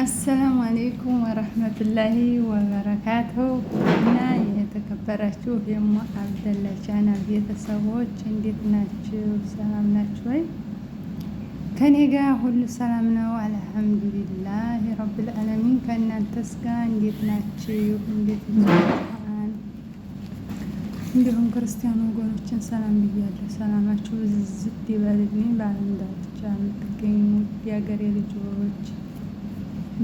አሰላሙ አሌይኩም ወረህመቱላሂ ወበረካቱ እና የተከበራችሁ የሞ አብደላ ቻናል ቤተሰቦች እንዴት ናችሁ? ሰላም ናችሁ ወይ? ከኔ ጋር ሁሉ ሰላም ነው። አልሐምዱሊላህ ረብል ዓለሚን። ከእናንተስ ጋር እንዴት ናችሁ? እንዴት እንዲሁም ክርስቲያን ወገኖችን ሰላም ብያለሁ። ሰላማችሁ ብዝዝት ይበልልኝ። በአለም ዳርቻ የምትገኙ የሀገሬ ልጆች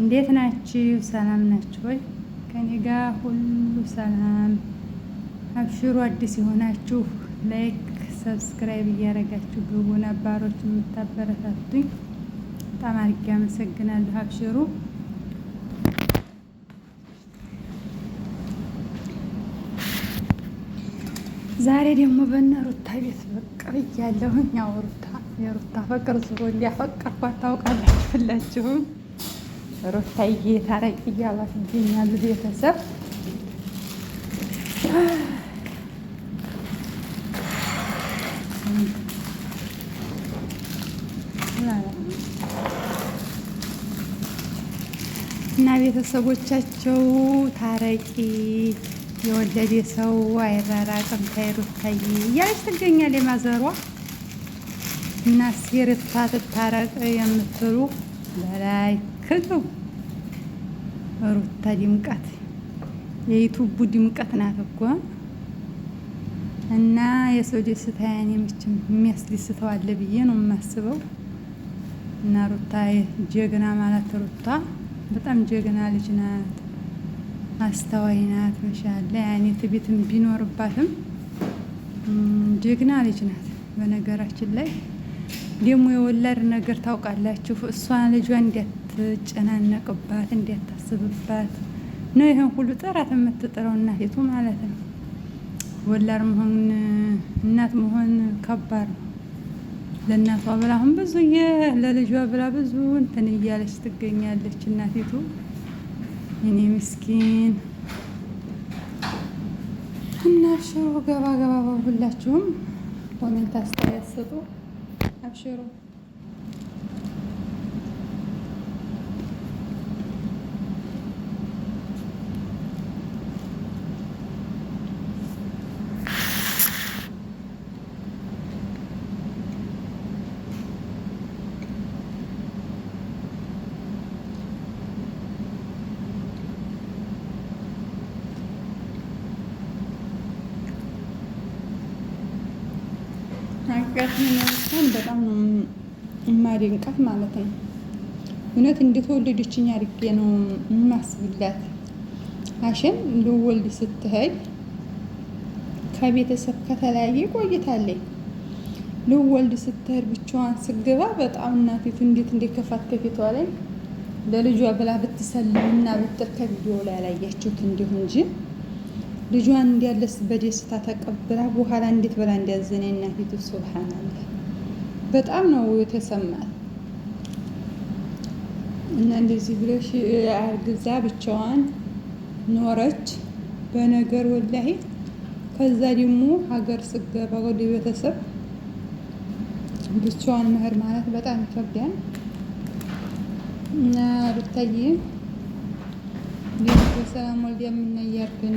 እንዴት ናችሁ? ሰላም ናችሁ ወይ? ከኔ ጋር ሁሉ ሰላም። አብሽሩ አዲስ የሆናችሁ ላይክ፣ ሰብስክራይብ እያደረጋችሁ ግቡ። ነባሮች የምታበረታቱኝ በጣም አድርጌ አመሰግናለሁ። አብሽሩ ዛሬ ደግሞ በእነ ሩታ ቤት በቃ ብያለሁኝ። ያው ሩታ የሩታ ፍቅር ዝሮ እንዲያፈቀርኳት ታውቃላችሁ ሁላችሁም ሩታዬ ታረቂ እያሏት ይገኛሉ ቤተሰብ። እና ቤተሰቦቻቸው ታረቂ የወለደ ሰው አይራራቅም ከሩታዬ እያለች ትገኛል የማዘሯ እና ሲርታ ትታረቅ የምትሉ በላይ ክገው ሩታ ድምቀት የዩቱቡ ድምቀት ናት እኮ እና የሰው ደስታ ያኔ መቼም የሚያስደስተው አለ ብዬ ነው የማስበው። እና ሩታ ጀግና ማለት ሩታ በጣም ጀግና ልጅ ናት፣ አስተዋይ ናት። መሻለ ያኔ ትዕቢትም ቢኖርባትም ጀግና ልጅ ናት በነገራችን ላይ ደግሞ የወላድ ነገር ታውቃላችሁ። እሷ ልጇ እንዲያትጨናነቅባት እንዲያታስብባት ነው ይህን ሁሉ ጥራት የምትጥረው እናቴቱ ማለት ነው። ወላድ መሆን እናት መሆን ከባድ ነው። ለእናቷ ብላ አሁን ብዙ ለልጇ ብላ ብዙ እንትን እያለች ትገኛለች እናቴቱ እኔ ምስኪን እና ሽሮ ገባ ገባ በሁላችሁም ኮሜንት አስተያየት ስጡ። Abschirum. É አቃት በጣም ነው የማደንቃት ማለት ነው። እውነት እንደተወለደችኝ አድርጌ ነው የማስብላት። አሸን ልወልድ ስትሄድ ከቤተሰብ ከተለያየ ቆይታለች። ልወልድ ስትሄድ ብቻዋን ስገባ በጣም እናቴቱ እንዴት እንደከፋት ከፊቷ ላይ ለልጇ ብላ ብትሰልምና ብትል ከቪዲዮ ላይ ያላያችሁት እንዲሁ እንጂ ልጇን እንዲያለስ በደስታ ተቀብላ በኋላ እንዴት በላ እንዲያዘነ እናቲቱ ሱብሃናላህ በጣም ነው የተሰማል። እና እንደዚህ ብለሽ አርግዛ ብቻዋን ኖረች በነገር ወላሂ። ከዛ ደግሞ ሀገር ስገባ ወደ ቤተሰብ ብቻዋን መሄድ ማለት በጣም ይከብዳል። እና ሩታዬ ሰላም ወልዲያ የምናያርግን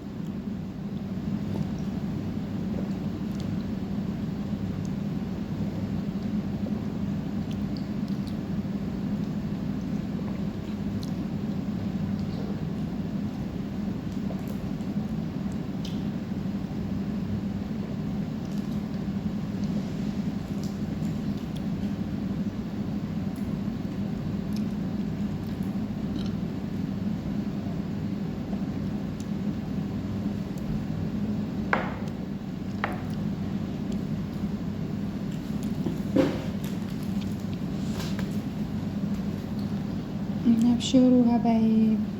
show 我呗。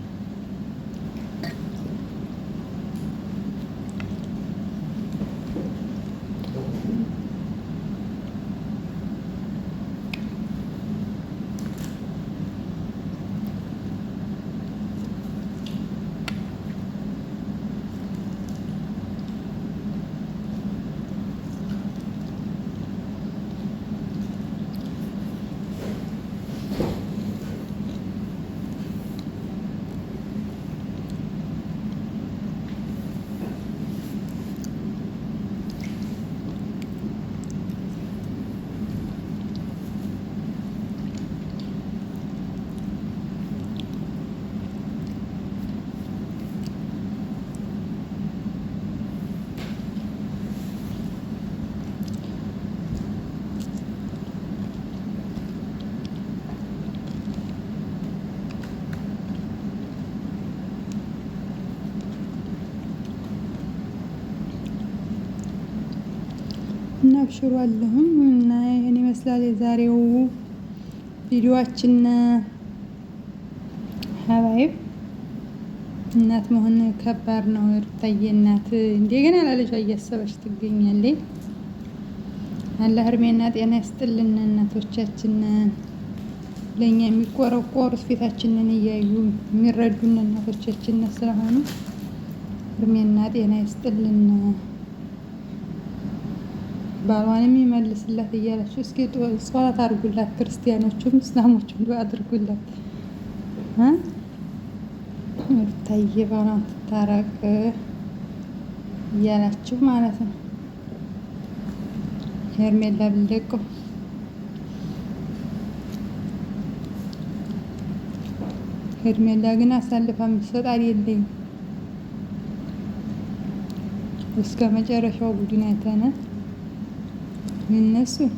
አብሽሩ አለሁኝ እና ይህን ይመስላል የዛሬው ቪዲዮችን ሀባይብ እናት መሆን ከባድ ነው። ሩታዬ እናት እንደገና ለልጇ እያሰበች ትገኛለች። አላህ እድሜና ጤና ያስጥልን። እናቶቻችን ለእኛ የሚቆረቆሩት ፊታችንን እያዩ የሚረዱን እናቶቻችን ስለሆኑ እድሜና ጤና ያስጥልን። ባሏንም ይመልስላት እያለች እስኪ ጸሎት አድርጉላት። ክርስቲያኖቹም እስላሞቹም አድርጉላት። ሩታዬ ባሏን ትታረቅ እያላችሁ ማለት ነው። ሄርሜላ ብለቆ ሄርሜላ ግን አሳልፋ የምትሰጥ የለኝ እስከ መጨረሻው ቡድን አይተናል። Nasıl?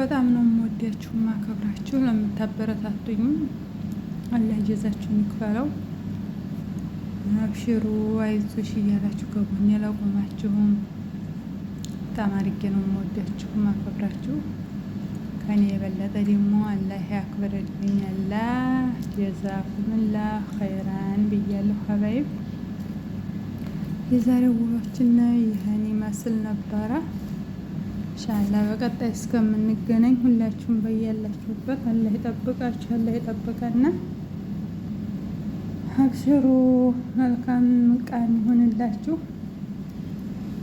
በጣም ነው የምወዳችሁ ማከብራችሁ። ለምታበረታቱኝ አላህ ይጀዛችሁን ይክፈለው። አብሽሩ አይዞሽ እያላችሁ ከጎኔ ላቆማችሁም በጣም አድርጌ ነው የምወዳችሁ ማከብራችሁ። ከኔ የበለጠ ደግሞ አላህ ያክብርልኝ። አላህ ጀዛኩምላህ ኸይራን ብያለሁ ሀባይብ። የዛሬ ውሏችን ይህን ይመስል ነበረ። ሻላ በቀጣይ እስከምንገናኝ ሁላችሁም በያላችሁበት አላህ ይጠብቃችሁ፣ አላህ ይጠብቀና አብሽሩ። መልካም ቃን ይሆንላችሁ።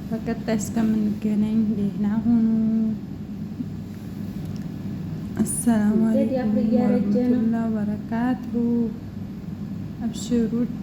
በቀጣይ እስከምንገናኝ ደህና ሁኑ። አሰላሙ አለይኩም ወረህመቱላሂ ወበረካቱ። አብሽሩት